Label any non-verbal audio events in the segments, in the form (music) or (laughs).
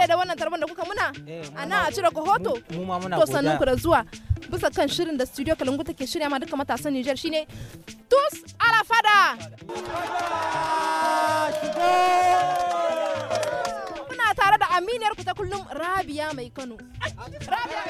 gode da wannan tarbar da kuka muna a nan a cire hoto to sannan ku da zuwa bisa kan shirin da studio kalungu take shirya ma duka matasan Nijar shine tus alafada kuna tare da aminiyar ku ta kullum rabiya mai Kano Rabia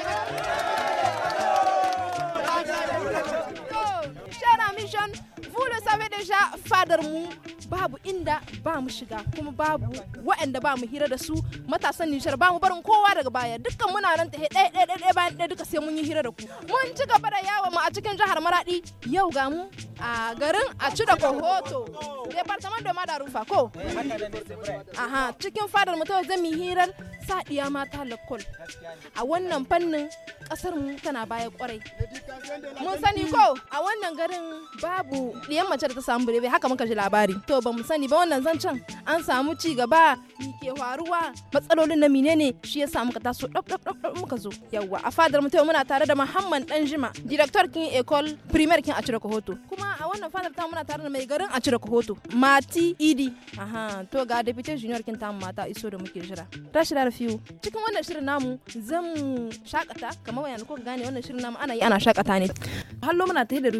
mai Kano Chers amis jeunes, vous le savez déjà, fadar mu babu inda ba mu shiga kuma babu waɗanda ba mu hira da su matasan Nijar ba mu barin kowa daga baya dukkan muna nan tahe ɗaya ɗaya ɗaya bayan ɗaya duka sai mun yi hira da ku. Mun ci gaba da yawo mu a cikin jihar Maradi yau ga mu a garin a ci da Kohoto de Madarufa ko. Aha cikin fadar mu ta zan mu hirar sadiya mata lakol a wannan fannin kasar mu tana baya kwarai. Mun sani ko a wannan garin babu ɗiyan mace da ta samu birebe haka muka ji labari to ba mu sani ba wannan zancen an samu ci gaba ke faruwa matsalolin na menene shi ya samu ka taso ɗaf ɗaf ɗaf muka zo yawwa a fadar mutum muna tare da Muhammad Danjima director kin Ecole Primaire kin Acira Kohoto kuma a wannan fadar ta muna tare da mai garin Acira Kohoto Mati Idi aha to ga deputy junior kin ta mata iso da muke jira tashi da rafiu cikin wannan shirin namu zan shakata kamar wayan ko gane wannan shirin namu ana yi ana shakata ne hallo muna tare da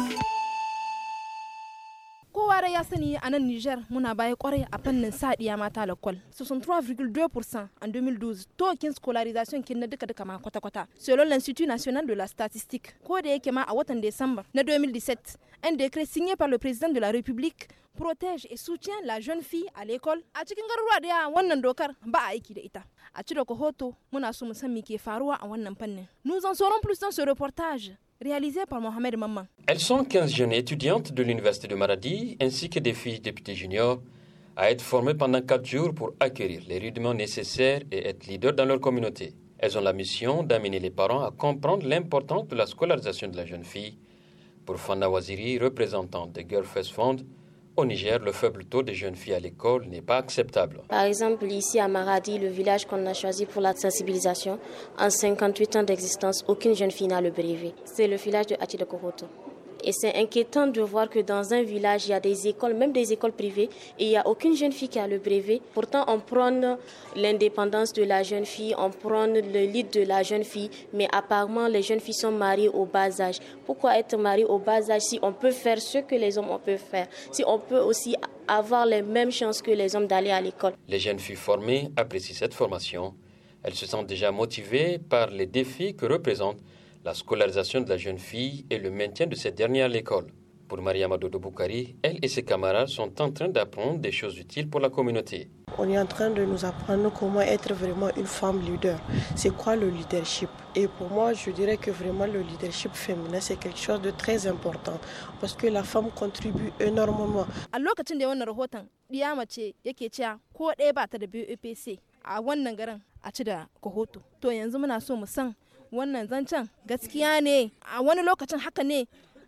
ya sani a nan Niger muna baya kwarai a fannin sa diya mata lakwal. 63,2% en 2012 tokin scolarisation kin na duka duka ma kwata-kwata. Selon l'Institut National de la Statistique, ko da yake ma a watan Desambar na 2017, un décret signé par le président de la République protège et soutient la jeune fille à l'école. A cikin garuruwa da wannan dokar ba a aiki da ita. A cire rahoto muna so mu san me ke faruwa a wannan fannin. Nous en saurons plus dans ce reportage réalisé par Mohamed Maman. Elles sont 15 jeunes étudiantes de l'Université de Maradi ainsi que des filles députées juniors à être formées pendant 4 jours pour acquérir les rudiments nécessaires et être leaders dans leur communauté. Elles ont la mission d'amener les parents à comprendre l'importance de la scolarisation de la jeune fille. Pour Fanda Waziri, représentante des Girl First Fund, au Niger, le faible taux des jeunes filles à l'école n'est pas acceptable. Par exemple, ici à Maradi, le village qu'on a choisi pour la sensibilisation, en 58 ans d'existence, aucune jeune fille n'a le brevet. C'est le village de Koroto. Et c'est inquiétant de voir que dans un village, il y a des écoles, même des écoles privées, et il n'y a aucune jeune fille qui a le brevet. Pourtant, on prône l'indépendance de la jeune fille, on prône le lit de la jeune fille, mais apparemment, les jeunes filles sont mariées au bas âge. Pourquoi être mariées au bas âge si on peut faire ce que les hommes on peut faire, si on peut aussi avoir les mêmes chances que les hommes d'aller à l'école Les jeunes filles formées apprécient cette formation. Elles se sentent déjà motivées par les défis que représentent la scolarisation de la jeune fille et le maintien de cette dernière à l'école. Pour Maria Dodo Boukari, elle et ses camarades sont en train d'apprendre des choses utiles pour la communauté. On est en train de nous apprendre comment être vraiment une femme leader. C'est quoi le leadership Et pour moi, je dirais que vraiment le leadership féminin, c'est quelque chose de très important parce que la femme contribue énormément. alors wannan zancen gaskiya ne a wani lokacin haka ne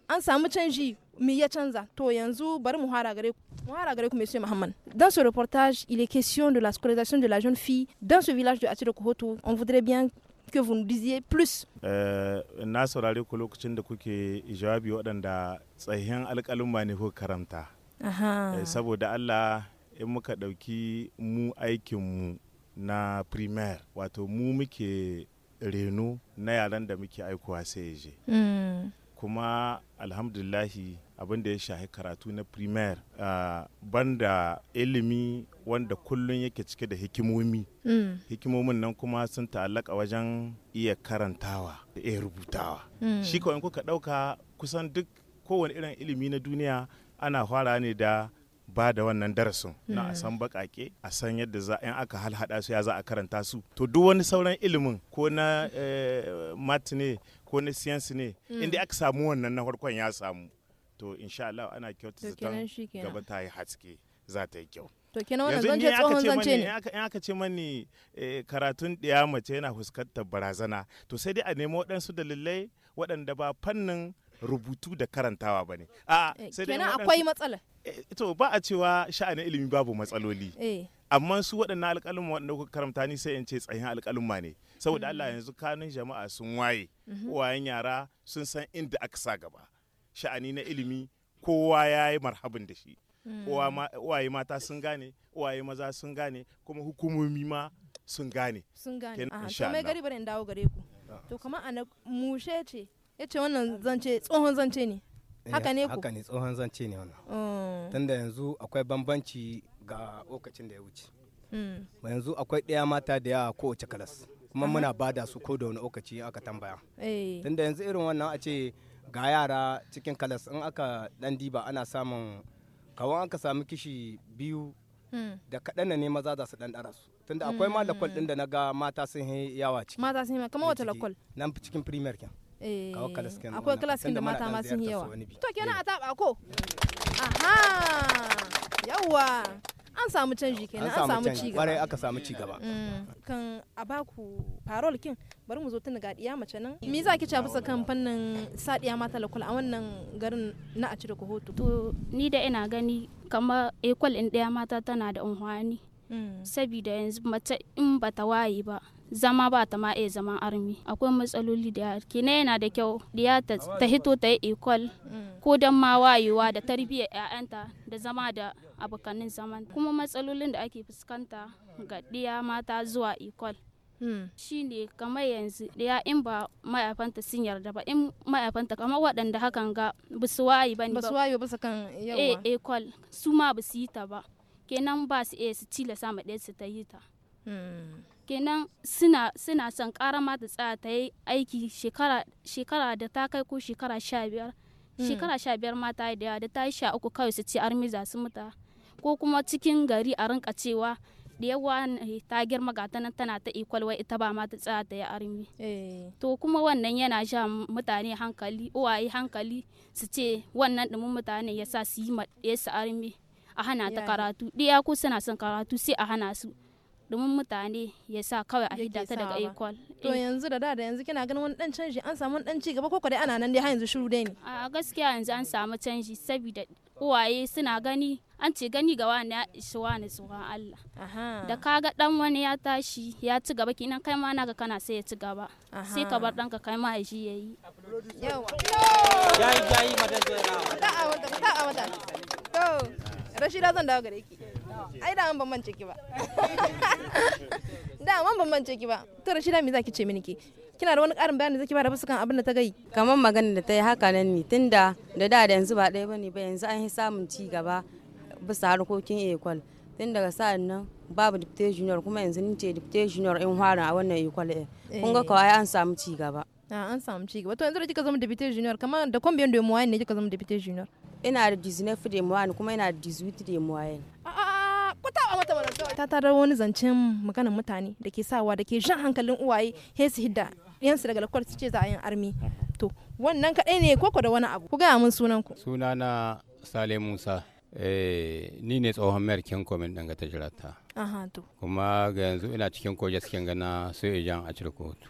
an samu canji mais ya canza to yanzu bari mu hara gare ku mu gare ku monsieur Mohamed dans ce reportage il est question de la scolarisation de la jeune fille dans ce village de Atiro Kohoto on voudrait bien que vous nous disiez plus eh, na saurare ku lokacin da kuke jawabi waɗanda tsayin alƙaluma ne ko karanta eh, saboda Allah in muka dauki mu aikin mu na primaire wato mu muke reno na yaran da muke aikowa sai ya je hmm. kuma alhamdulillahi abin da ya shahi karatu na primaire banda ilimi wanda kullum yake cike da hikimomi hmm. hikimomin nan kuma sun ta'allaka wajen iya karantawa da iya rubutawa hmm. shi kawai kuka ɗauka kusan duk kowane irin ilimi na duniya ana fara ne da ba da wannan darasin na a hmm. san bakake a san yadda za in aka halhada su ya za a karanta su to duk wani sauran ilimin ko na eh, mat ne ko na science ne hmm. inda aka samu wannan na farkon ya samu to insha Allah ana kyautu zaton gaba ta yi haske za ta yi kyau to kenan wannan zance tsohon zance ne in aka ce mani eh, karatun ɗiya mace yana fuskantar barazana to sai dai a nemi waɗansu dalilai waɗanda ba fannin rubutu da karantawa ba ne a eh, akwai matsala eh, to ba a cewa sha'anin ilimi babu matsaloli eh. amma su waɗannan alƙaluma waɗanda kuka karamta ni sai in ce tsayin ma ne saboda Allah mm. yanzu kanun jama'a sun waye mhm. wayan yara sun san inda aka sa gaba sha'ani na ilimi kowa ya yi marhabin da shi mm. Uwaye mata sun gane uwaye maza sun gane kuma hukumomi ma sun gane sun gane to mai gari in dawo gare ku ah. to kamar a mushe ce ya ce wannan zance tsohon zance ne eh, haka ne ku haka ne tsohon zance ne wannan oh. tunda yanzu akwai bambanci ga lokacin da ya wuce hmm. yanzu akwai ɗaya mata da yawa kowace kalas kuma muna bada su ko da wani lokaci aka tambaya eh. tunda yanzu irin wannan a ce ga yara cikin kalas in aka dan diba ana samun kawan aka samu kishi biyu hmm. da kaɗan ne maza za su ɗanɗara ɗara su tunda akwai hmm. ma lakwal ɗin da na ga mata sun yi yawa ciki mata sun yi kamar eh, wata lakwal nan cikin primer kyan Eh, akwai class da mata ma sun yawa to kenan a eh. taba ko aha yawa an samu canji kenan an samu ci gaba kwarai aka samu ci gaba mm. kan a baku parol kin bari mu zo tun ga diya mace nan me za ki ci bisa kan fannin sadiya mata lakul a wannan garin na a cire kohoto to ni da ina gani kamar equal in diya mata tana da unhwani mm. sabida yanzu mace in bata waye ba zama ba ta ma iya zama armi akwai matsaloli da kina yana da kyau diya ta hito ta yi ekol mm. ko don ma wayewa da tarbiyyar 'ya'yanta da zama da abokanin zaman kuma matsalolin da ake fuskanta ga diya mata zuwa ekol mm. shi ne kamar yanzu ɗaya in ba mayafanta sun yarda ba in mayafanta kamar waɗanda hakan ga ba su wayi ba ne ba su wayo ba su kan yawa e eh, su ma ba su yi ta ba kenan ba su iya su cila ma ɗaya su ta yi ta kenan suna suna son kara mata ta tsaya ta yi aiki shekara shekara da ta kai ko shekara sha biyar hmm. shekara sha biyar ma ta yi da ta yi sha uku kawai su ce armiza su muta ko kuma cikin gari a rinka cewa da yawa ta girma ga ta nan tana ta ikwalwa wai ita ba ma ta tsaya ta yi armi eh. to kuma wannan yana sha mutane hankali uwaye hankali su ce wannan dumin mutane ya sa su yi armi a hana ta karatu ɗaya ko suna son karatu sai a hana su domin mutane ya sa kawai a hidda ta daga ecol to eh. yanzu da da da yanzu kina ganin wani dan canji an samu dan ci gaba ko kwa dai ana nan dai har yanzu shiru dai ne a gaskiya yanzu an samu canji saboda uwaye suna gani an ce gani ga wani ya ishi wani tsohon Allah da kaga dan wani ya tashi ya ci gaba kinan kai ma naga kana sai ya ci gaba sai ka bar danka kai ma ya ji yayi yawa yayi yayi madan da wata a wata a wata to rashida zan dawo gare ki ai da ban mance ki ba (laughs) da ban mance ki ba to Rashida me zaki ce mini ki kina da wani karin bayani zaki ba da fuskan abin da ta gai kamar magana da ta yi haka nan ne tunda da da da yanzu ba ɗaya bane ba yanzu an yi samun ci gaba bisa harkokin ekwal tun daga sa'an nan babu dipte junior kuma yanzu ni ce dipte junior in hwara a wannan ekwal ɗin kun ga eh. kawai an samu ci gaba an samu ci gaba to yanzu da kika zama dipte junior kamar da kwambiyan da ne kika zama dipte junior ina da 19 mu moyen kuma ina da 18 de moyen a'a taba mata ta tarar wani zancen maganar mutane da ke sawa da ke jan hankalin uwaye he su hidda yansu daga lakwar su ce za a yin armi to wannan kaɗai ne koko da wani abu ku gaya mun sunan ku na sale musa eh, ni ne tsohon mayar kin komin ɗin ga tajirata kuma ga yanzu ina cikin koje cikin gana sai ijan a cirkotu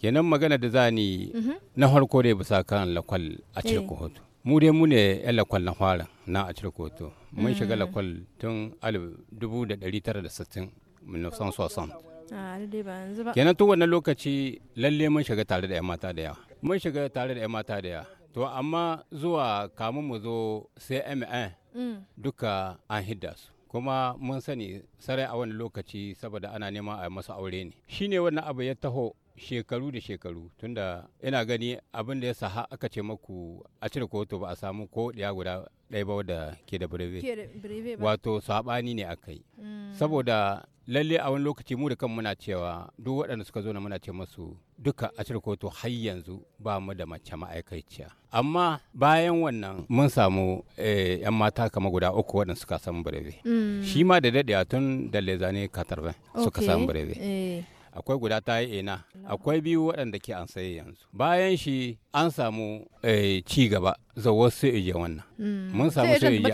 kenan magana da za ni mhm. na harko dai bisa kan lakwal a cirkotu eh. mu dai mu ne yan lakwal na fara na a cirkotu mun shiga mm. lakwal tun 1960 1960 ah, kenan tun wannan lokaci lalle mun shiga tare da 'yan mata da yawa mun shiga tare da 'yan mata da yawa to amma zuwa kamun mu zo C.M.N mm. duka an hidda su kuma mun sani sarai a wani lokaci saboda ana neman a masu aure ne shine wannan abu ya taho shekaru da shekaru tunda ina gani abin da ya saha aka ce maku a cire kotu ba a samu ko ɗaya guda ɗaya ba ke da breve wato saɓani ne aka yi mm. saboda lalle a wani lokaci mu da kan muna cewa duk waɗanda suka zo na muna ce masu duka a cire kotu har yanzu ba mu da mace ma'aikaciya amma bayan wannan mun samu yan eh, mata kama guda uku waɗanda suka samu breve mm. shi ma da daɗe tun da zane katarbe suka samu breve eh. akwai guda ta yi ina akwai biyu waɗanda ke an saye yanzu bayan shi an samu eh, ci gaba za wasu ije wannan hmm. mun samu su ije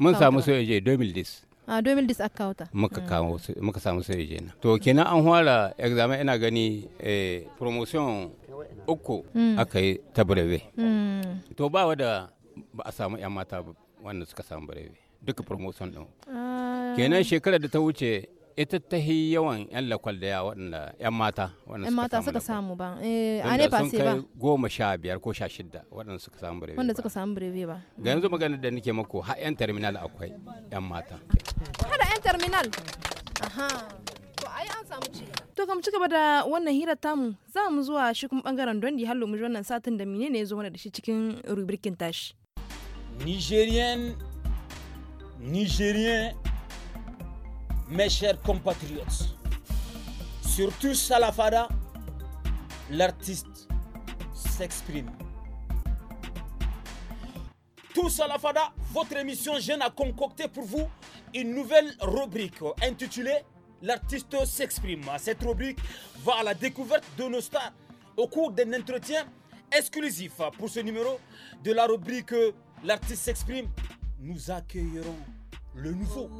mun samu su ije 2010 a 2010 aka kawo muka hmm. kawo muka samu su ije na to kenan an fara examen ina gani eh, promotion uku hmm. aka yi ta breve to ba wada ba a samu yan mata wanda suka samu breve duka promotion din ah. kenan shekarar da ta wuce ita ta yi yawan 'yan lakwal da waɗanda 'yan mata waɗanda mata suka samu ba a ne ba sai ba goma sha biyar ko sha shida waɗanda suka samu breve wanda suka samu birebe ba ga yanzu maganar da nake mako ha 'yan terminal akwai 'yan mata har 'yan terminal aha to ai an samu ci to kam cika da wannan hirar tamu za mu zuwa shi kuma bangaren dondi hallo mu wannan satin da menene ya zo mana da shi cikin rubrikin tashi nigerian nigerian mes chers compatriotes. Surtout Fada, l'artiste s'exprime. la Fada, votre émission Jeune a concocté pour vous une nouvelle rubrique intitulée L'artiste s'exprime. Cette rubrique va à la découverte de nos stars au cours d'un entretien exclusif pour ce numéro de la rubrique L'artiste s'exprime. Nous accueillerons le nouveau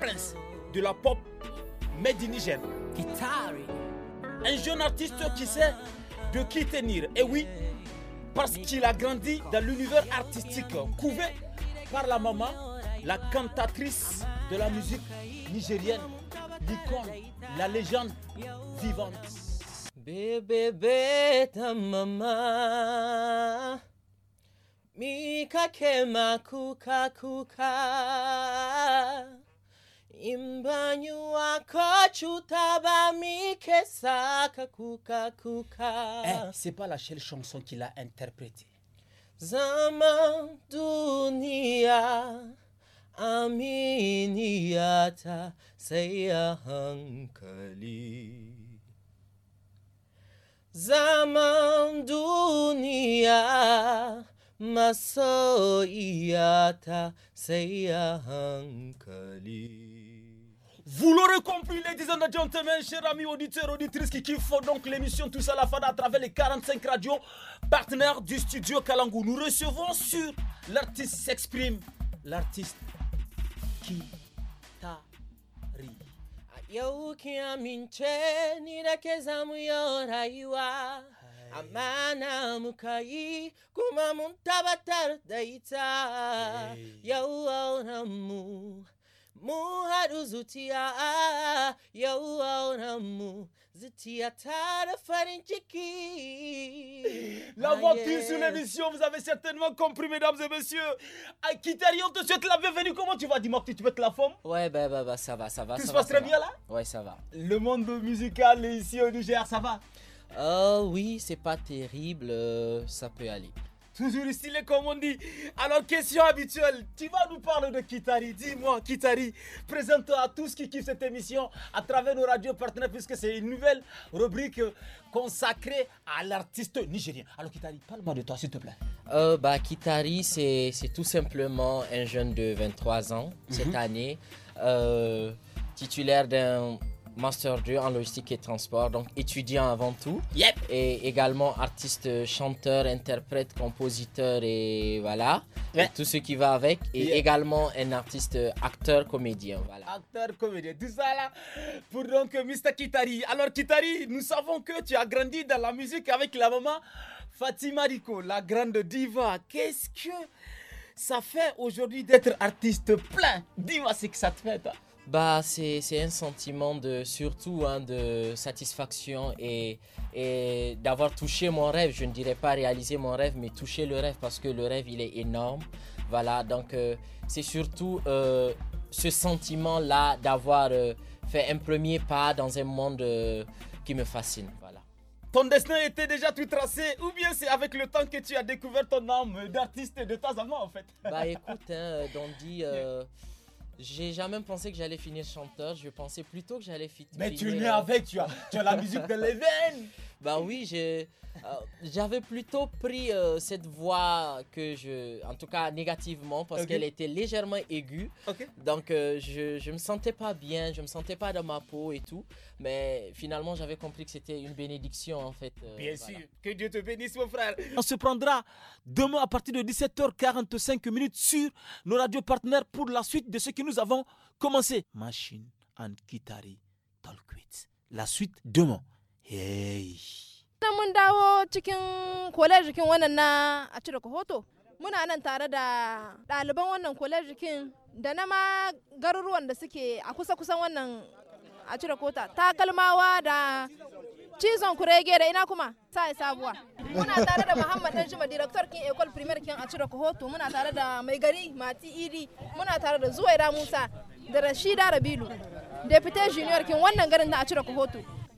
prince de la pop made in Niger. Un jeune artiste qui sait de qui tenir. Et eh oui, parce qu'il a grandi dans l'univers artistique couvé par la maman, la cantatrice de la musique nigérienne, l'icône, la légende vivante. Bébé, bébé, ta maman. Mika ma kuka kuka kuka. Eh, c'est pas la seule chanson qu'il a interprétée. dunia Aminiata Seya hankali zaman dunia Maso iata Seya hankali vous l'aurez compris, ladies and gentlemen, chers amis auditeurs, auditrices qui font donc l'émission Tout à la fin à travers les 45 radios partenaires du studio Kalangou. Nous recevons sur l'artiste s'exprime, l'artiste qui Yau amana (laughs) La yau sur l'émission, vous avez certainement compris, mesdames et messieurs. À Kitari, on te souhaite la bienvenue. Comment tu vas, dis que Tu peux être la forme Ouais, bah, bah, bah, ça va, ça va. Tout ça se passe très bien là Ouais, ça va. Le monde musical ici au Niger, ça va Oh oui, c'est pas terrible, euh, ça peut aller. Toujours comme on dit. Alors, question habituelle, tu vas nous parler de Kitari. Dis-moi, Kitari, présente-toi à tous qui kiffent cette émission à travers nos radios partenaires, puisque c'est une nouvelle rubrique consacrée à l'artiste nigérien. Alors, Kitari, parle-moi de toi, s'il te plaît. Euh, bah, Kitari, c'est tout simplement un jeune de 23 ans cette mhm. année, euh, titulaire d'un Master du en logistique et transport, donc étudiant avant tout. Yep. Et également artiste, chanteur, interprète, compositeur et voilà. tout ce qui va avec. Et également un artiste, acteur, comédien. Voilà. Acteur, comédien, tout ça là. Pour donc euh, Mr. Kitari. Alors Kitari, nous savons que tu as grandi dans la musique avec la maman Fatima Rico, la grande diva. Qu'est-ce que ça fait aujourd'hui d'être artiste plein Dis-moi ce que ça te fait toi. Bah, c'est, un sentiment de surtout hein, de satisfaction et, d'avoir touché mon rêve. Je ne dirais pas réaliser mon rêve, mais toucher le rêve parce que le rêve, il est énorme. Voilà, donc euh, c'est surtout euh, ce sentiment-là d'avoir euh, fait un premier pas dans un monde qui me fascine. Voilà. Ton destin était déjà tout tracé ou bien c'est avec le temps que tu as découvert ton âme d'artiste de temps en temps fait Bah écoute, hein, dit (laughs) J'ai jamais pensé que j'allais finir chanteur, je pensais plutôt que j'allais finir. Mais tu es euh, avec, tu as, tu as la musique de (laughs) Leven bah oui, euh, j'avais plutôt pris euh, cette voix que je, en tout cas négativement, parce qu'elle était légèrement aiguë. Donc euh, je, je me sentais pas bien, je me sentais pas dans ma peau et tout. Mais finalement, j'avais compris que c'était une bénédiction en fait. bien sûr, que Dieu te bénisse mon frère. On se prendra demain à partir de 17h45 minutes sur nos radios partenaires pour la suite de ce que nous avons commencé. Machine and Kitari Talkwit. La suite demain. hey mun dawo cikin kwalejikin wannan na a cire hoto muna nan tare da ɗaliban wannan kwalejikin da na ma garuruwan da suke a kusa-kusan wannan a cire kota takalmawa da cizon kurege da ina kuma sai sabuwa muna tare da muhammad dan juma director kin ecole primaire kin a cire kohoto muna tare da mai gari mati idi muna tare da zuwaira musa da rashida rabilu deputy junior kin wannan garin da a cire kohoto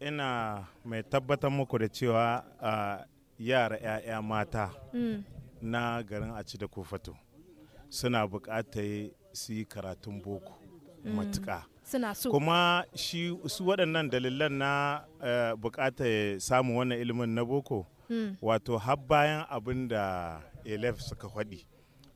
ina mai tabbatar muku da cewa yara 'ya'ya mata mm. na garin aci da kofato suna bukatar su yi karatun boko mm. matuka kuma shi su waɗannan dalilan na e, bukatar samun wannan ilimin na boko mm. wato har bayan abin da elef suka faɗi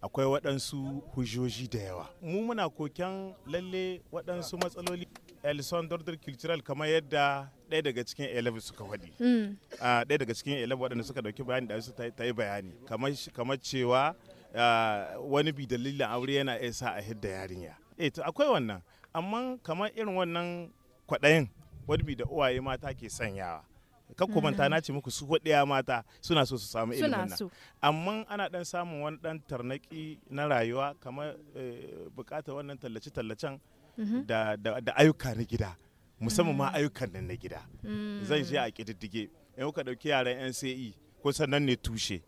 akwai waɗansu hujjoji da yawa mu muna koken lalle waɗansu matsaloli elson dordor cultural kamar yadda ɗaya daga cikin elef suka faɗi hmm. ah, ɗaya daga cikin elef waɗanda suka ɗauki bayani da su ta yi bayani kamar cewa ah, wani bi dalilin aure yana iya sa a hidda yarinya eh to akwai wannan amma kamar irin wannan kwaɗayin wani bi da uwaye mata ke sanyawa kan kumanta hmm. na ce muku su hudiya mata suna so su samu ilimin nan amma ana ɗan samun wani ɗan tarnaƙi na rayuwa kamar eh, buƙatar wannan tallace-tallacen Mm-hmm. da, ayyuka na gida musamman ma mm. ayyukan nan na gida mm. zan je a kididdige in kuka ɗauki yaran nce ko sannan ne tushe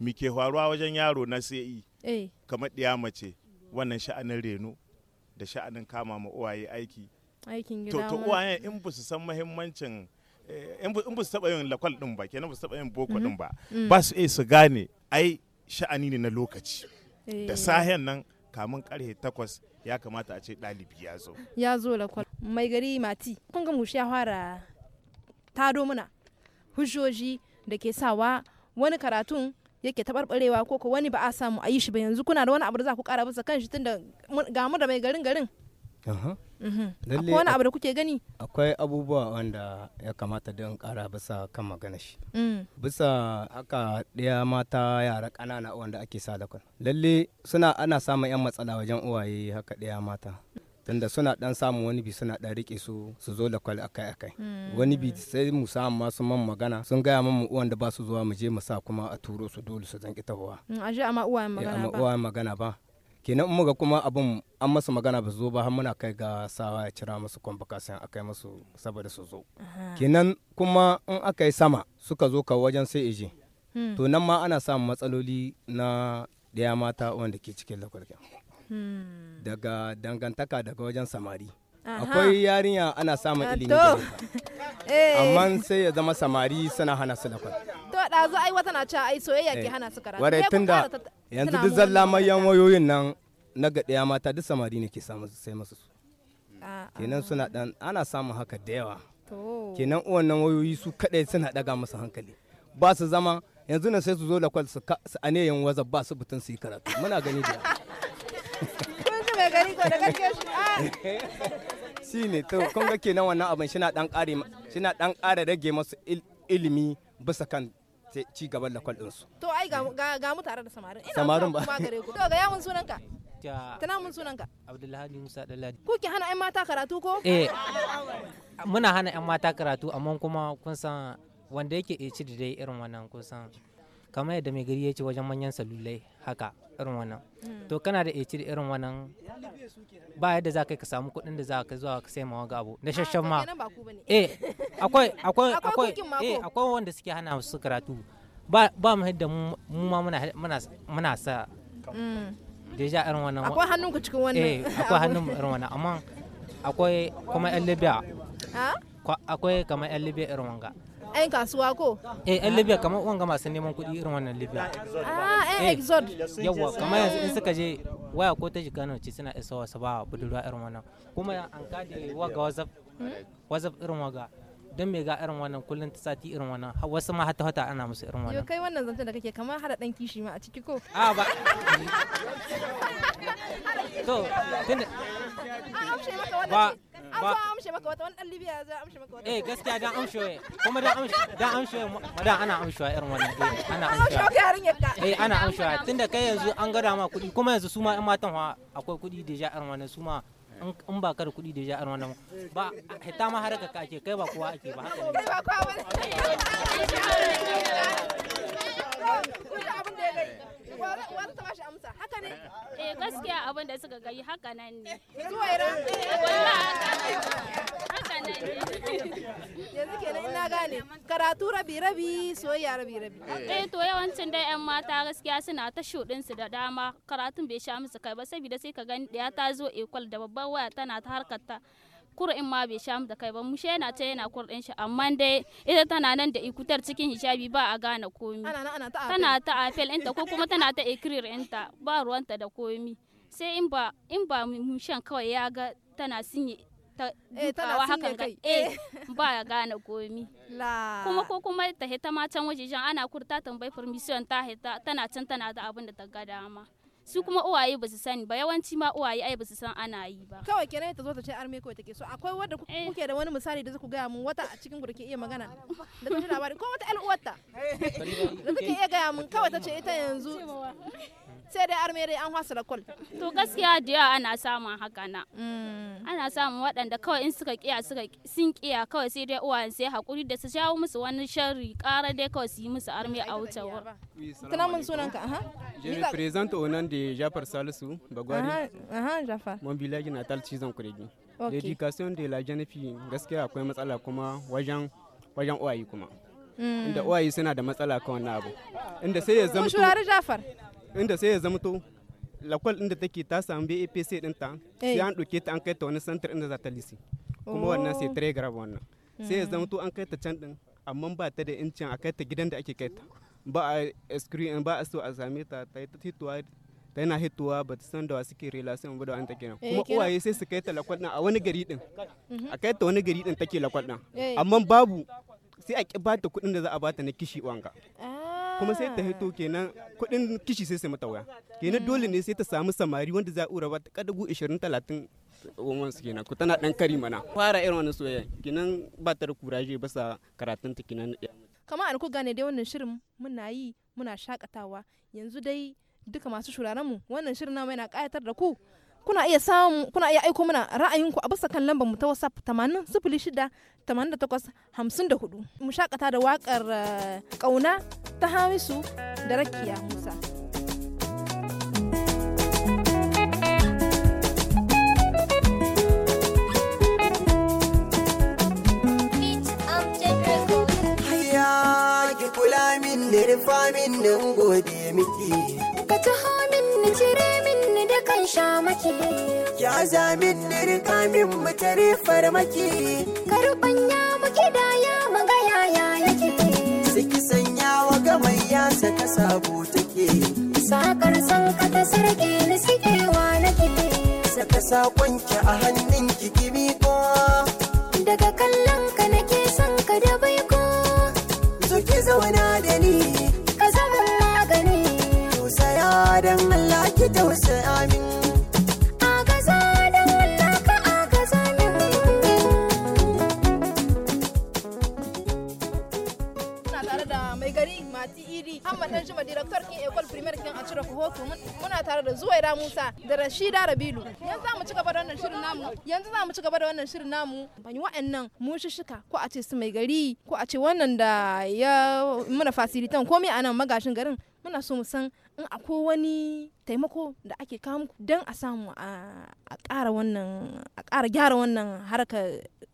muke faruwa wajen yaro na ce eh. kamar ɗiya mace wannan sha'anin reno da sha'anin kama ma uwaye aiki aikin gida to uwayen in ba su san muhimmancin eh, in ba su taba yin lakwal din ba kenan ba su taba yin boko din mm-hmm. ba mm. ba su iya su gane ai sha'ani ne na lokaci eh. da sahen nan kamun karhe takwas ya kamata a ce ɗalibi ya zo ya zo da kwal mai gari mati kun ga mushi ya fara tado muna hujjoji da ke sawa wani karatun yake taɓarɓarewa ko ko wani ba a samu a yi shi ba yanzu kuna da wani abu da za ku ƙara bisa kan shi tunda ga mu da mai garin garin Mhm. akwai wani abu da kuke gani akwai abubuwa wanda ya kamata don kara bisa kan magana shi mm. bisa haka ɗaya mata yara ƙanana wanda ake sa da lalle suna ana samun yan matsala wajen uwaye haka ɗaya mata tunda suna dan samun wani bi suna dan rike su su zo da kwal akai akai mm. wani bi sai mu samu masu man magana sun gaya min mu uwan da ba su zuwa mu je mu sa kuma a turo su dole su zanki tahowa mm, a je amma uwa eh, magana ba kenan in muga kuma abin an masu magana ba zo ba har muna kai ga sawa ya cira masu convocation a kai masu saboda su zo kenan kuma in aka yi sama suka zo ka wajen sai ije hmm. to nan ma ana samun matsaloli na ɗaya mata wanda ke cikin lakwalken hmm. daga dangantaka daga wajen samari akwai yarinya ana samun ah, ilimi (laughs) eh. amma sai ya zama samari suna hana su lakwal to zo ai wata na cewa ai soyayya ke eh. hana su karatu ware da yanzu duk zalla mayan wayoyin nan na ga ɗaya mata duk samari ne ke samu sai masu su ah, ah. kenan suna dan ana samun haka da yawa kenan uwan nan wayoyi su kadai suna daga masu hankali ba su zama yanzu nan sai su zo lakwal su aneyin waza ba su butun su yi karatu muna gani da (laughs) gari ah! shi ne to kun ga kenan wannan abin shi na dan kare shi na dan kare rage masu ilimi bisa kan ci gaban lakwal ɗinsu. To ai ga mu tare da samarin. Samarin ba. To ga yamun sunanka. Tana mun sunanka. Abdullahi Musa Dalladi. Kuke hana 'yan mata karatu ko? Eh. Muna hana 'yan mata karatu amma kuma kun san wanda yake ci da dai irin wannan kun san kamar yadda mai gari ya ce wajen manyan salulai haka irin wannan mm. to kana da HD irin wannan ba yadda za ka samu kuɗin da za ka zuwa ka sai mawa ga abu na shashan ma eh akwai akwai akwai eh akwai wanda suke hana su karatu ba ba mu hidda mu ma muna muna muna sa mm. deja irin wannan akwai hannun ku cikin wannan eh akwai hannun irin wannan amma akwai kuma yan libya akwai kamar yan libya irin wanga 'yan kasuwa ko? Eh, 'yan Libya kamar wanga masu neman kuɗi irin wannan Libya. Ah, 'yan ah, eh, eh, Exod. Yawwa, kamar yanzu in suka je waya ko ta shiga nan ce suna isa wasu ba budurwa irin wannan. Kuma an kade waga wazaf, hmm? wazaf irin waga. don me ga irin wannan kullum ta sati irin wannan wasu ma hata hata ana musu irin wannan. Yo kai wannan zancen da kake kamar hada dan kishi ma a ciki ko? A ah, ba. To, an amshe maka wata wani dan libya amshe maka wata eh gaskiya dan amshe kuma dan amshe dan amshe madan ana amshe irin wannan eh ana amshe ka yarin yadda eh ana amshe tunda kai yanzu an gada ma kudi kuma yanzu su ma matan fa akwai kuɗi deja irin wannan su ma in ba ka da kuɗi deja irin wannan ba hita ma ka ake kai ba kowa ake ba haka ne eh gaskiya abin da suka gayi haka nan ne yanzu ina gane karatu rabi rabi soyayya rabi rabi eh to yawancin dai yan mata gaskiya suna ta shudin su da dama karatun bai sha musu kai ba saboda sai ka gani ɗaya ta zo ekol da babbar waya tana ta harkar ta kur'in ma bai sha da kai ba mushe yana ta yana kur'in shi amma dai ita tana nan da ikutar cikin hijabi ba a gane komi tana ta afel ɗinta ko kuma tana ta ikirir inta ba ruwanta da komi sai in ba in ba mushen kawai ya ga tana sinye ta eh, dukawa hakan ga eh, eh. (laughs) ba a gane komi kuma ko kuma ta hita ma can waje ana kurta tambayi permission ta hita tana can tana da abin da ta ga dama su kuma uwaye ba su sani ba yawanci ma uwaye ai ba su san ana yi ba kawai kenan ta zo ta ce arme kawai take so akwai wanda eh. kuke da wani misali da zaku gaya mun wata a cikin gurke iya magana da ta labari ko wata ƴan uwarta (laughs) da take iya gaya mun kawai ta ce ita yanzu sai dai armere an hwasa da kwal to gaskiya da yawa ana samun haka na mm. ana samun waɗanda kawai in suka kiya suka sun kiya kawai sai dai uwa sai hakuri da su shawo musu wani sharri ƙara dai kawai su yi musu arme a wuce wa tana mun sunan ka aha je me présente au nom de Jafar Salisu Bagwari aha Jafar mon village natal cizon kuregi dedication de la jeune fille gaskiya akwai matsala kuma wajen wajen uwaye kuma mm. inda uwaye suna da matsala kan wannan abu inda sai ya zama Jafar inda sai ya zamto lakwal inda take ta samu BAPC ta sai eh. an ɗauke ta an kai ta wani center inda za ta lisi kuma oh. wannan sai tare grab wannan sai ya mm. zamto an kai ta can din amma ba ta da incin a kai ta gidan da ake kai ta ba a screen ba a so a same ta ta yi hituwa ta yana hituwa ba ta san da wa suke relation ba da wani take nan eh, kuma uwaye sai su kai ta lakwal din a wani gari din mhm. a kai ta wani gari din take lakwal din eh. amma babu sai a ƙi ba ta kuɗin da za a ba ta na kishi wanga. Ah. kuma sai ta hito kenan kuɗin kishi sai sai mata wuya kenan dole ne sai ta samu samari wanda za a ura ta kadagu 20 30 woman su kenan ku tana dan kari mana fara irin wani soyayya kenan ba ta da kuraje ba sa karatun ta kenan kamar an ku gane dai wannan shirin muna yi muna shakatawa yanzu dai duka masu shuraren mu wannan shirin namu yana kayatar da ku kuna iya samu kuna iya aiko mana ra'ayinku a bisa kan lambar mu ta WhatsApp 80 06 88 54 mu shakata da wakar kauna eh, ta Hamisu da Rakiya Musa Ya ki kula min da rufa min nan gode miki. Ka ta zamin min nirka min mutare farmaki ya muke da ya ga yaya yake siki sanya wa ya saka sabo take sakar san ka ta sarki ni wa nake saka sakon ki a hannun ki kimi ko daga kallon ka nake san ka da bai ko zuki zauna da ni ka zama magani tausaya don Allah ki tausaya min rahoto muna tare da Zuwaira Musa da Rashida Rabilu. Yanzu za mu ci gaba da wannan shirin namu. Yanzu za mu ci gaba da wannan shirin namu. Ban wa'annan shishika ko a ce su mai gari ko a ce wannan da ya muna fasilitan komai a nan magashin garin muna so mu san in akwai wani taimako da ake kawo don a samu a ƙara wannan a ƙara gyara wannan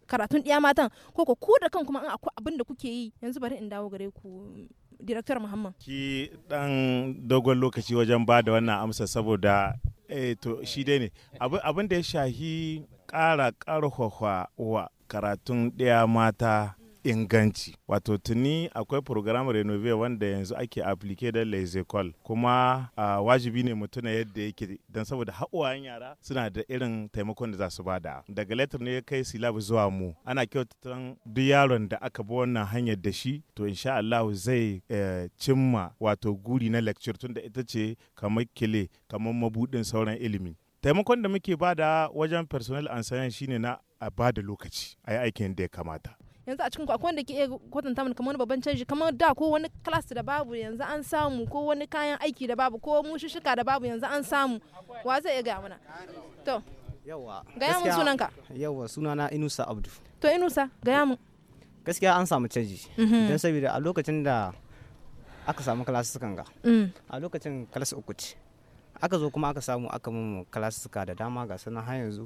karatun ɗiya matan ko ku da kan kuma in akwai abin da kuke yi yanzu bari in dawo gare ku Director Muhammad. Ki dan dogon lokaci wajen ba da wannan amsa saboda eh, to shi dai ne abin da ya shahi ƙara ƙarfafa wa karatun ɗaya mata inganci wato tuni akwai program renove wanda yanzu ake applique da école kuma wajibi ne mutum yadda yake dan saboda haƙuwayen yara suna da irin taimakon da za su bada daga letter ne ya kai silab zuwa mu ana kyautatan duk yaron da aka bi wannan hanyar da shi to insha Allah zai eh, cimma wato guri na lecture da ita ce kamar kile kamar mabudin sauran ilimi taimakon da muke bada wajen personal and shine na a bada lokaci a yi aikin da ya kamata yanzu a cikin ku akwai wanda ke iya kwatanta mana kamar wani babban canji kamar da ko wani class da babu yanzu an samu ko wani kayan aiki da babu ko mushushika da babu yanzu an samu wa zai iya gaya mana to yawa gaya mun sunanka yawa sunana inusa abdu to inusa gaya mun gaskiya an samu canji mhm. don saboda a lokacin da aka samu class kan ga mm. a lokacin class uku ce aka zo kuma aka samu aka mu ka da dama ga sanan har yanzu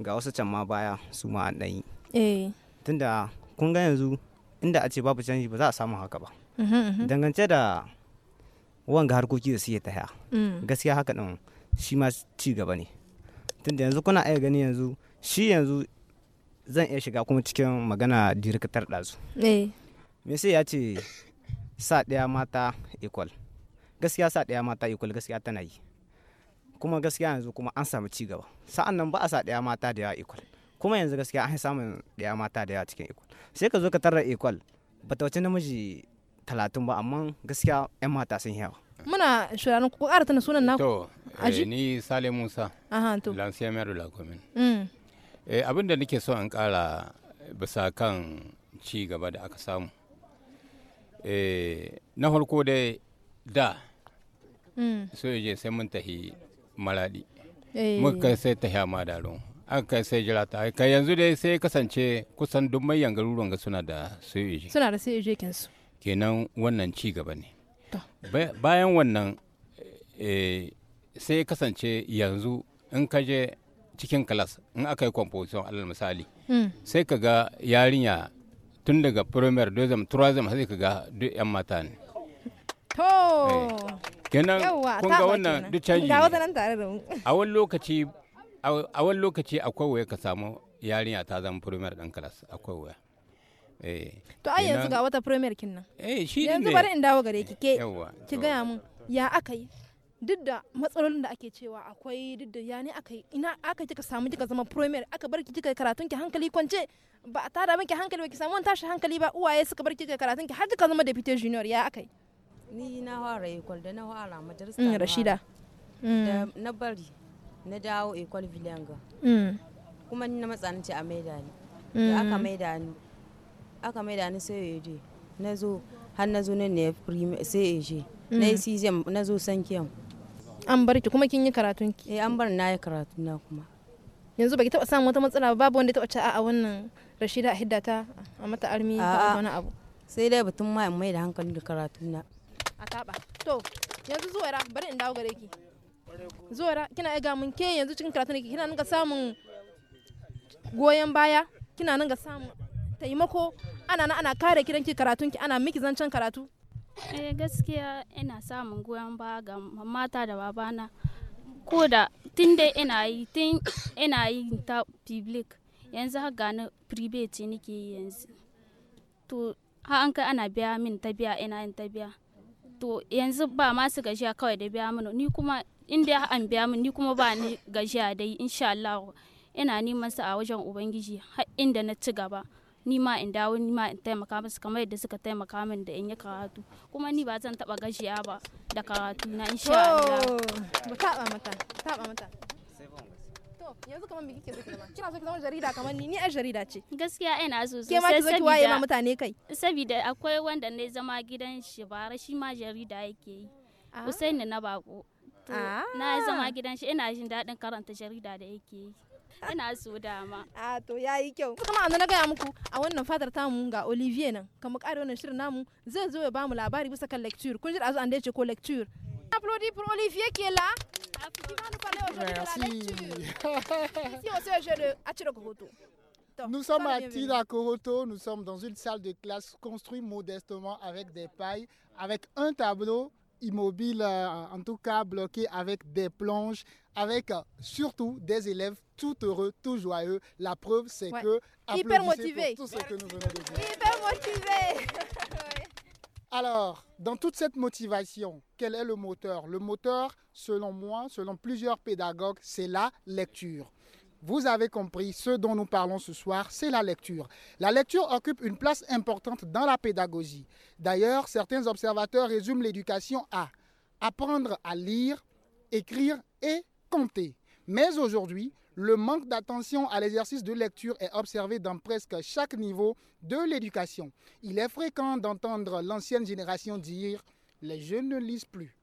ga wasu can ma baya su ma an eh tunda kun ga yanzu inda a ce babu canji ba za a samu haka ba uhm, uhm, uhm. dangance da wanga harkoki da suke ta mm. gaskiya haka din shi ma ci gaba ne tunda yanzu kuna iya gani yanzu shi yanzu zan iya shiga kuma cikin magana dirikatar ɗazu eh. me sai ya ce sa ɗaya mata equal gaskiya sa ɗaya mata equal gaskiya tana yi kuma gaskiya yanzu kuma an samu ci gaba sa'an nan ba a sa ɗaya mata da yawa equal kuma yanzu gaskiya an samun ɗaya mata da yawa cikin equal sai ka zo ka tarar equal ba ta wace namiji talatin ba amma gaskiya 'yan mata sun yawa muna shiranin ku ƙara tana sunan naku to eh, ni sale musa lansiyar mayar da komin. abin da nake so an ƙara bisa kan ci gaba da aka samu eh, na farko dai da mm. so je sai mun tahi maradi eh. muka sai tahi a madarun aka sai jira ta kai yanzu dai sai kasance kusan duk mayan garuruwan ga suna da CAG suna da CAG kinsu kenan wannan ci gaba ne bayan wannan eh, sai kasance yanzu in ka je cikin class in aka yi composition alal misali hmm. sai ka ga yarinya tun daga premier dozem tourism sai ka ga duk 'yan mata ne eh, kenan kun ga wannan duk canji a wani lokaci a wani lokaci akwai waya ka samu yarinya ta zama premier ɗan kalas akwai waya eh, to ai yanzu ga wata premier kin nan eh, yanzu bari in dawo gare ki ke ki gaya mun ya aka yi duk da matsalolin da ake cewa akwai duk da ya ne aka yi ina aka kika samu kika zama premier aka bar ki kika karatun ki hankali kwance ba a da miki hankali ba ki samu wani tashi hankali ba uwaye suka bar kika karatun ki har kika zama deputy junior ya aka yi ni na fara yi kwal da na fara madrasa mm, rashida da mm. na bari na dawo ecole vilanga mm. kuma ni na matsa ni ce a maida ni da mm. aka maida ni aka maida ni sai ya je na zo har na zo nan ne sai ya je na yi cesium mm. na zo kiyan an bar ki kuma kin yi karatun ki eh an bar na yi karatu na kuma yanzu baki taba samun wata matsala babu wanda ya taba ci a wannan rashida hidda ta a mata armi ba wani abu sai dai batun ma mai da hankali da karatu na a taba to yanzu zuwa bari in dawo gare ki zora kina ga mun ke yanzu cikin karatu ne kina nan samun goyon baya kina nan ga samun taimako ana nan ana kare kiranki ki ana miki zancen karatu eh gaskiya ina samun goyon baya ga mata da babana ko da tun dai ina yi tun ina yi ta public yanzu har na private nake yanzu to ha an kai ana biya min ta biya ina yin ta biya to yanzu ba masu gajiya kawai da biya mana ni kuma inda an biya min ni kuma ba ni gajiya dai insha Allah ina neman su a wajen ubangiji har inda na ci gaba ni ma in dawo ni ma in taimaka musu kamar yadda suka taimaka min da in yi karatu kuma ni ba zan taba gajiya ba da karatu na insha Allah taba mata taba mata yanzu kamar me kike so ki zama kina so ki zama jarida kamar ni ni a jarida ce gaskiya ina so sosai ke ma ki ki waye ma mutane kai saboda akwai wanda ne zama gidan shi bara shi ma jarida yake yi ah. Usaini na bako ah. na zama gidan shi ina jin daɗin karanta jarida da yake yi ina so dama a (laughs) ah, to yayi kyau kuma an na gaya muku a wannan fadar mu ga Olivier nan kamar ƙara wannan shirin namu zai zo ya bamu labari bisa kan lecture kun ji da azu an da yace ko lecture applaudi pour Olivier qui la. Merci. nous Nous sommes à Koroto. nous sommes dans une salle de classe construite modestement avec des pailles, avec un tableau immobile, euh, en tout cas bloqué avec des planches, avec euh, surtout des élèves tout heureux, tout joyeux. La preuve, c'est que... Hyper motivé Tout ce que nous venons de dire. Hyper motivés. (laughs) Alors, dans toute cette motivation, quel est le moteur Le moteur, selon moi, selon plusieurs pédagogues, c'est la lecture. Vous avez compris, ce dont nous parlons ce soir, c'est la lecture. La lecture occupe une place importante dans la pédagogie. D'ailleurs, certains observateurs résument l'éducation à apprendre à lire, écrire et compter. Mais aujourd'hui, le manque d'attention à l'exercice de lecture est observé dans presque chaque niveau de l'éducation. Il est fréquent d'entendre l'ancienne génération dire les jeunes ne lisent plus.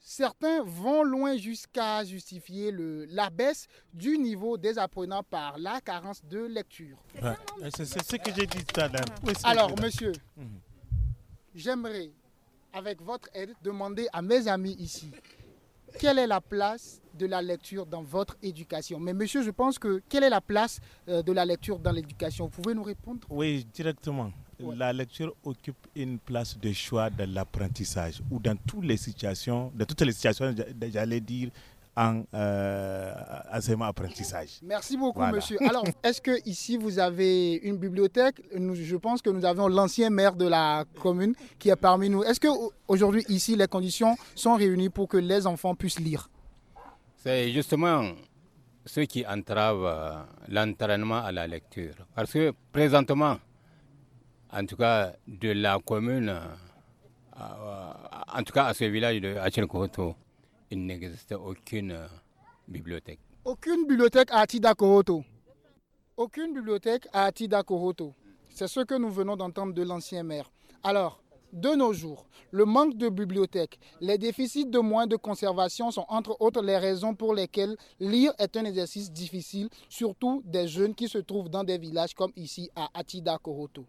Certains vont loin jusqu'à justifier la baisse du niveau des apprenants par la carence de lecture. Euh, c'est ce que j'ai dit tout à l'heure. Alors, monsieur, mhm. j'aimerais, avec votre aide, demander à mes amis ici quelle est la place de la lecture dans votre éducation. Mais monsieur, je pense que quelle est la place euh, de la lecture dans l'éducation Vous pouvez nous répondre Oui, directement. La lecture occupe une place de choix dans l'apprentissage ou dans toutes les situations, dans toutes les situations, j'allais dire, en euh, enseignement apprentissage. Merci beaucoup, monsieur. Alors, (laughs) est-ce que ici vous avez une bibliothèque Je pense que nous avons l'ancien maire de la commune qui est parmi nous. Est-ce que aujourd'hui ici les conditions sont réunies pour que les enfants puissent lire c'est justement ce qui entrave euh, l'entraînement à la lecture. Parce que présentement, en tout cas de la commune, euh, en tout cas à ce village de Achelkohoto, il n'existe aucune euh, bibliothèque. Aucune bibliothèque à Tidakohoto. Aucune bibliothèque à Tidakohoto. C'est ce que nous venons d'entendre de l'ancien maire. Alors, de nos jours, le manque de bibliothèques, les déficits de moyens de conservation sont entre autres les raisons pour lesquelles lire est un exercice difficile, surtout des jeunes qui se trouvent dans des villages comme ici à Atida Koroto.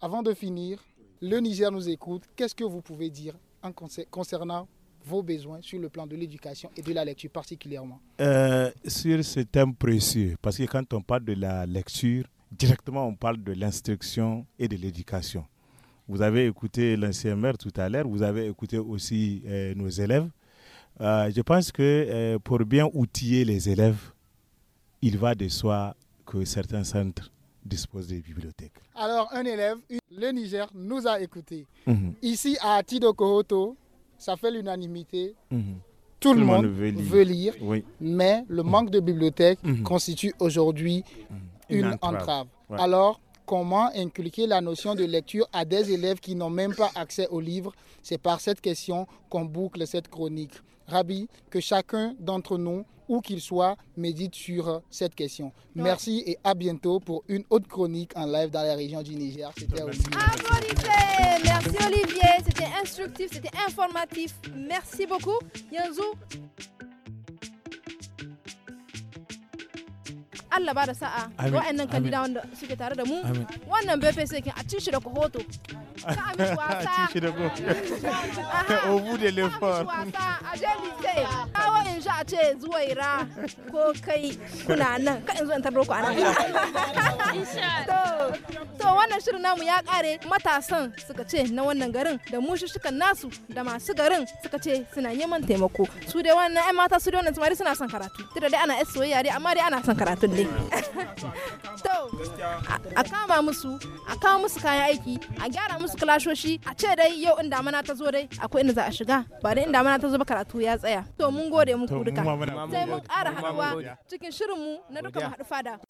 Avant de finir, le Niger nous écoute. Qu'est-ce que vous pouvez dire en concernant vos besoins sur le plan de l'éducation et de la lecture particulièrement euh, Sur ce thème précieux, parce que quand on parle de la lecture, directement on parle de l'instruction et de l'éducation. Vous avez écouté l'ancien maire tout à l'heure, vous avez écouté aussi euh, nos élèves. Euh, je pense que euh, pour bien outiller les élèves, il va de soi que certains centres disposent des bibliothèques. Alors, un élève, le Niger, nous a écoutés. Mhm. Ici, à Tidokohoto, ça fait l'unanimité. Mhm. Tout, le monde, veut lire, mais le mhm. manque de bibliothèques constitue aujourd'hui une, entrave. Alors, comment inculquer la notion de lecture à des élèves qui n'ont même pas accès aux livres C'est par cette question qu'on boucle cette chronique. Rabbi, que chacun d'entre nous, où qu'il soit, médite sur cette question. Merci et à bientôt pour une autre chronique en live dans la région du Niger. C'était Olivier. Merci Olivier, c'était instructif, c'était informatif. Merci beaucoup. Yanzou Allah ba da sa'a wa'annan kandida wanda suke tare da mu wannan befe sai a ci shi da kohoto ka a mishi (laughs) wasa a ci shi da kohoto (laughs) au bout de l'effort a je lise kawo in sha a ce zuwaira ko kai kuna nan ka in zo in tarro ku a nan (laughs) to wannan shirin namu ya kare matasan suka ce na wannan garin da suka nasu da masu garin suka ce suna neman taimako su dai wannan 'yan mata su dai wannan samari suna son karatu tunda dai ana yan soyayya dai amma dai ana son karatun dai a kama musu a kawo musu kayan aiki a gyara musu kalashoshi a ce dai yau in damana ta zo dai akwai inda za a shiga ba dai in damana ta zo ba karatu ya tsaya to mun gode muku duka sai mun kara haɗuwa cikin shirinmu na duka mu haɗu fada